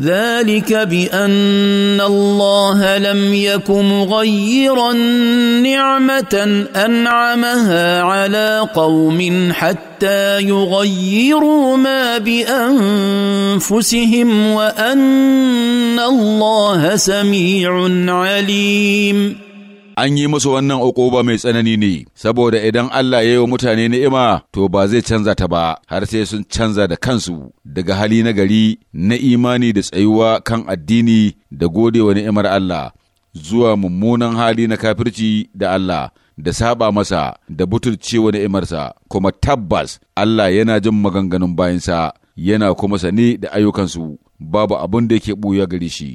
ذلك بان الله لم يك مغيرا نعمه انعمها على قوم حتى يغيروا ما بانفسهم وان الله سميع عليم an yi musu wannan ba mai tsanani ne saboda idan Allah ya yi wa mutane ni'ima to ba zai canza ta ba har sai sun canza da kansu daga hali na gari na imani da tsayuwa kan addini da gode wa ni'imar Allah zuwa mummunan hali na kafirci da Allah da saba masa da wa ni'imarsa kuma tabbas Allah yana jin maganganun bayansa yana kuma sani da ayyukansu babu abin da yake ɓuya gare shi.